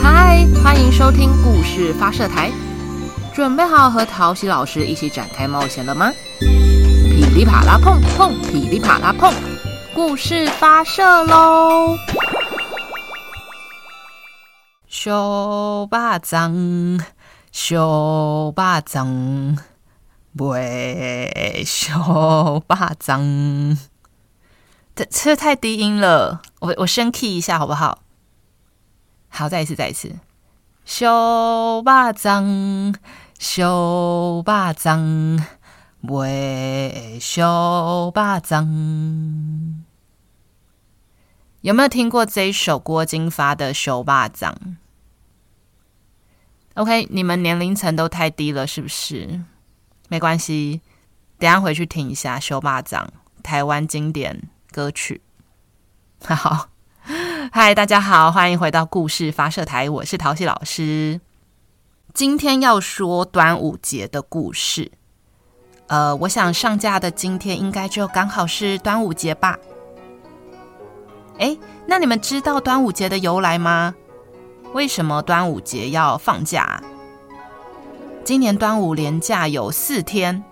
嗨，歡迎收聽故事發射台，準備好和陶洗老師一起展開冒險了嗎？噼裡啪啦碰碰，噼裡啪啦碰，故事發射嘍！燒肉粽，燒肉粽，喂燒肉粽，這這太低音了，我我升 key 一下好不好？好，再一次，再一次，《燒肉粽》《燒肉粽》賣燒肉粽》，有沒有聽過這一首郭金發的《燒肉粽》？OK，你們年齡層都太低了，是不是？沒關係，等一下回去聽一下《燒肉粽》，台灣經典歌曲。哈哈。嗨，大家好，歡迎回到故事發射台，我是陶溪老師。今天要說端午節的故事，呃，我想上架的今天應該就剛好是端午節吧。哎，那你們知道端午節的由來嗎？為什麼端午節要放假？今年端午連假有四天，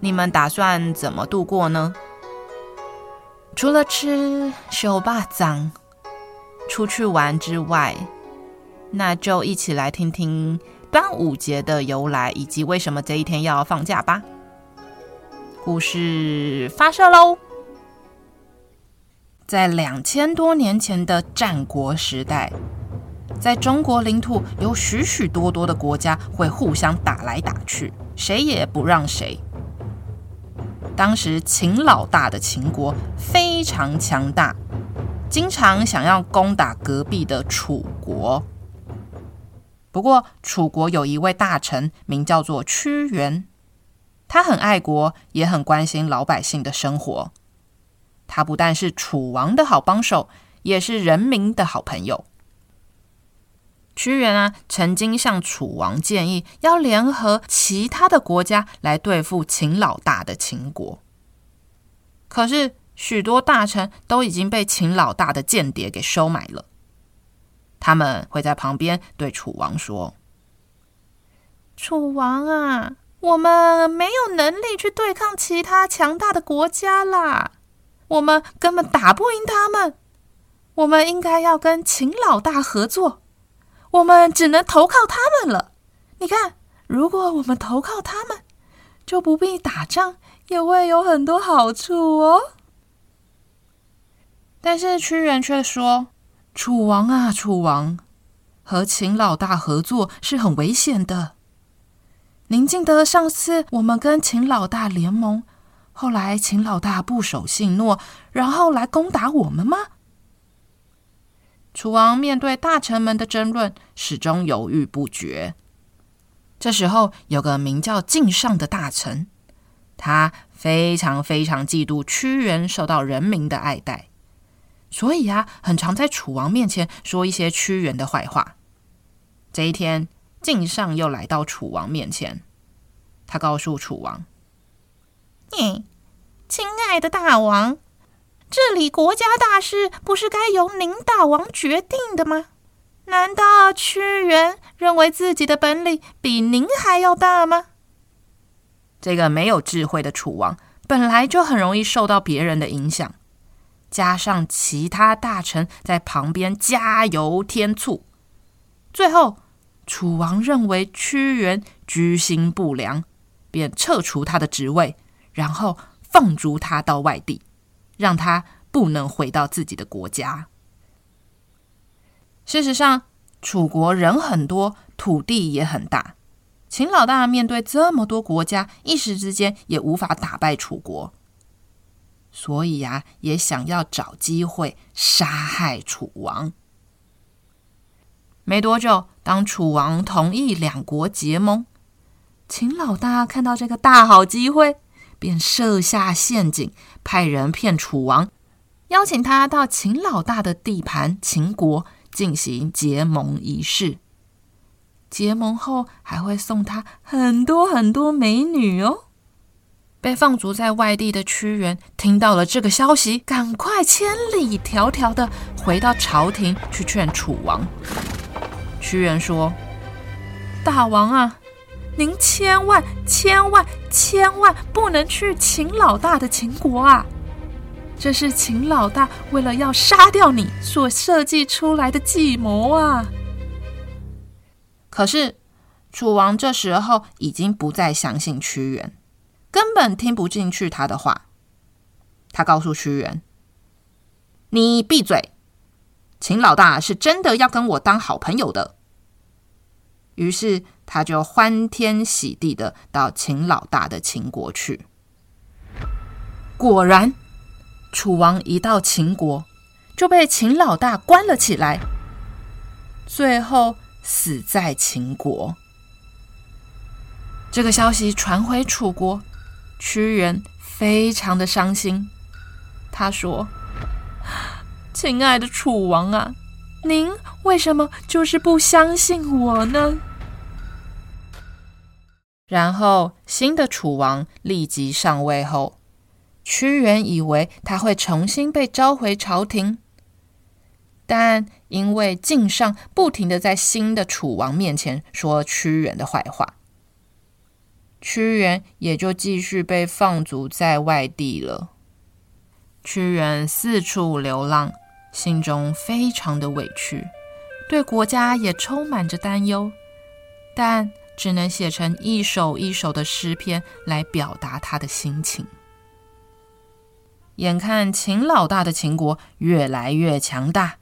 你們打算怎麼度過呢？除了吃，燒肉粽出去玩之外，那就一起來聽聽端午節的由來，以及為什麼這一天要放假吧。故事發射嘍！在兩千多年前的戰國時代，在中國領土有許許多多的國家會互相打來打去，誰也不讓誰。當時秦老大的秦國非常強大。經常想要攻打隔壁的楚國，不過楚國有一位大臣，名叫做屈原，他很愛國，也很關心老百姓的生活。他不但是楚王的好幫手，也是人民的好朋友。屈原啊，曾經向楚王建議，要聯合其他的國家來對付秦老大的秦國。可是。許多大臣都已經被秦老大的間諜給收買了。他們會在旁邊對楚王說：“楚王啊，我們沒有能力去對抗其他強大的國家啦，我們根本打不贏他們。我們應該要跟秦老大合作，我們只能投靠他們了。你看，如果我們投靠他們，就不必打仗，也會有很多好處哦。”但是屈原卻說：“楚王啊，楚王，和秦老大合作是很危險的。您記得上次我們跟秦老大聯盟，後來秦老大不守信諾，然後來攻打我們嗎？”楚王面對大臣們的爭論，始終猶豫不決。這時候，有個名叫靳尚的大臣，他非常非常嫉妒屈原受到人民的愛戴。所以啊，很常在楚王面前說一些屈原的壞話。這一天，靳尚又來到楚王面前，他告訴楚王：“你，親愛的大王，治理國家大事不是該由您大王決定的嗎？難道屈原認為自己的本領比您還要大嗎？”這個沒有智慧的楚王本來就很容易受到別人的影響。加上其他大臣在旁邊加油添醋，最後楚王認為屈原居心不良，便撤除他的職位，然後放逐他到外地，讓他不能回到自己的國家。事實上，楚國人很多，土地也很大，秦老大面對這麼多國家，一時之間也無法打敗楚國。所以啊，也想要找機會殺害楚王。沒多久，當楚王同意兩國結盟，秦老大看到這個大好機會，便設下陷阱，派人騙楚王，邀請他到秦老大的地盤——秦國，進行結盟儀式。結盟後，還會送他很多很多美女哦。被放逐在外地的屈原聽到了這個消息，趕快千里迢迢的回到朝廷去勸楚王。屈原說：“大王啊，您千萬千萬千萬不能去秦老大的秦國啊！這是秦老大為了要殺掉你所設計出來的計謀啊！”可是楚王這時候已經不再相信屈原。根本聽不進去他的話。他告訴屈原：“你閉嘴，秦老大是真的要跟我當好朋友的。”於是他就歡天喜地的到秦老大的秦國去。果然，楚王一到秦國就被秦老大關了起來，最後死在秦國。這個消息傳回楚國。屈原非常的傷心，他說：“親愛的楚王啊，您為什麼就是不相信我呢？”然後新的楚王立即上位後，屈原以為他會重新被召回朝廷，但因為靳尚不停的在新的楚王面前說屈原的壞話。屈原也就繼續被放逐在外地了。屈原四處流浪，心中非常的委屈，對國家也充滿着擔憂，但只能寫成一首一首的詩篇來表達他的心情。眼看秦老大的秦國越來越強大，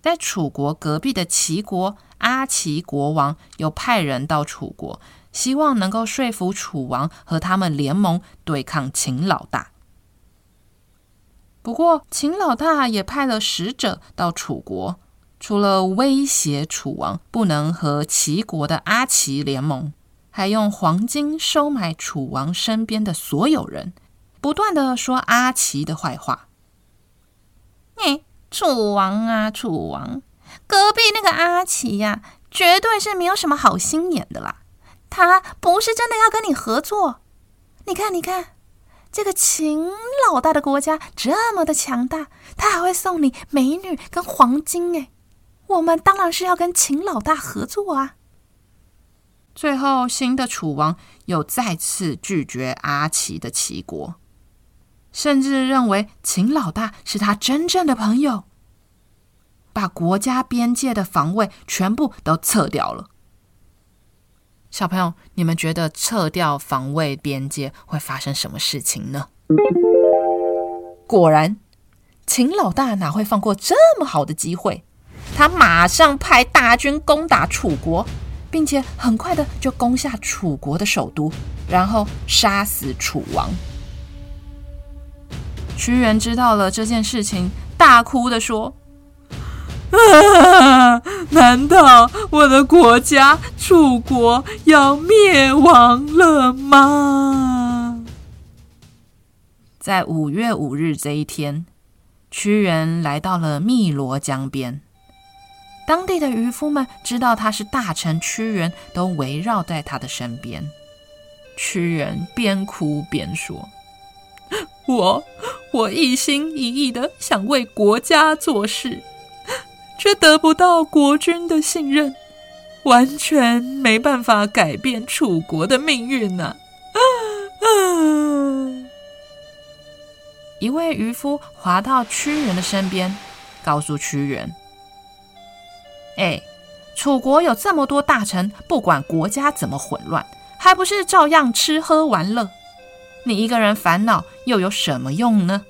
在楚國隔壁的齊國，阿齊國王又派人到楚國。希望能夠說服楚王和他們聯盟對抗秦老大。不過，秦老大也派了使者到楚國，除了威脅楚王不能和齊國的阿齊聯盟，還用黃金收買楚王身邊的所有人，不斷的說阿齊的壞話。你楚王啊，楚王，隔壁那個阿齊呀，啊，絕對是沒有什麼好心眼的啦。他不是真的要跟你合作，你看，你看，這個秦老大的國家這麼的強大，他還會送你美女跟黃金誒。我們當然是要跟秦老大合作啊。最後，新的楚王又再次拒絕阿奇的齊國，甚至認為秦老大是他真正的朋友，把國家邊界的防衛全部都撤掉了。小朋友，你們覺得撤掉防衛邊界會發生什麼事情呢？果然，秦老大哪會放過這麼好的機會？他馬上派大軍攻打楚國，並且很快的就攻下楚國的首都，然後殺死楚王。屈原知道了這件事情，大哭的說。啊！難道我的國家楚國要滅亡了嗎？在五月五日這一天，屈原來到了汨羅江邊。當地的漁夫們知道他是大臣屈原，都圍繞在他的身邊。屈原邊哭邊說：“我我一心一意的想為國家做事。”卻得不到國君的信任，完全沒辦法改變楚國的命運啊！ 一位漁夫划到屈原的身邊，告訴屈原：“哎，楚國有這麼多大臣，不管國家怎麼混亂，還不是照樣吃喝玩樂？你一個人煩惱又有什麼用呢？”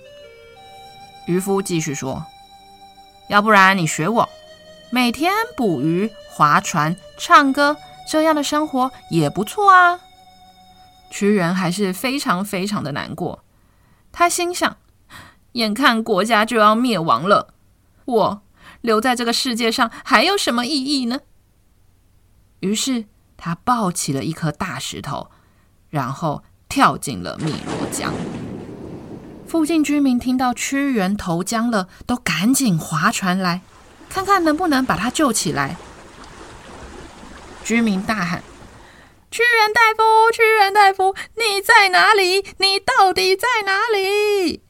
漁夫繼續說。要不然你學我，每天捕魚、划船、唱歌，這樣的生活也不錯啊。屈原還是非常非常的難過，他心想：眼看國家就要滅亡了，我留在這個世界上還有什麼意義呢？於是他抱起了一顆大石頭，然後跳進了汨羅江。附近居民聽到屈原投江了，都趕緊划船來看看能不能把他救起來。居民大喊：“屈原大夫，屈原大夫，你在哪裡？你到底在哪裡？”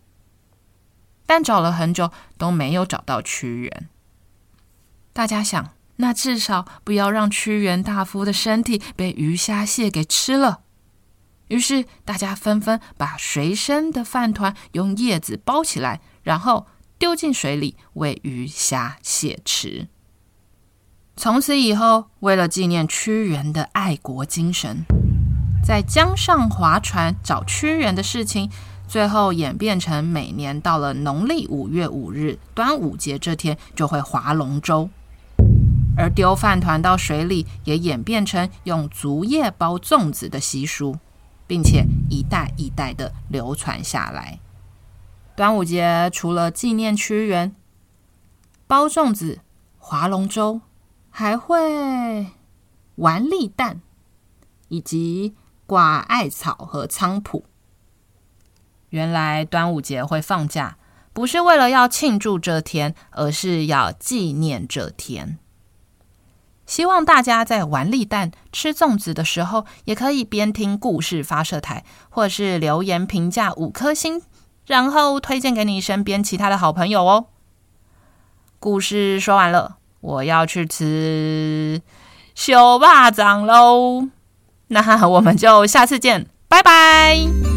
但找了很久都沒有找到屈原。大家想，那至少不要讓屈原大夫的身體被魚蝦蟹給吃了。於是大家紛紛把隨身的飯團用葉子包起來，然後丟進水裡餵魚蝦、蟹吃。從此以後，為了紀念屈原的愛國精神，在江上划船找屈原的事情，最後演變成每年到了農曆五月五日端午節這天就會划龍舟，而丟飯團到水裡也演變成用竹葉包粽子的習俗。並且一代一代的流傳下來。端午節除了紀念屈原、包粽子、划龍舟，還會玩立蛋，以及掛艾草和菖蒲。原來端午節會放假，不是為了要慶祝這天，而是要紀念這天。希望大家在玩立蛋、吃粽子的時候，也可以邊聽故事發射台，或是留言評價五顆星，然後推薦給你身邊其他的好朋友哦。故事說完了，我要去吃小霸掌嘍。那我們就下次見，拜拜。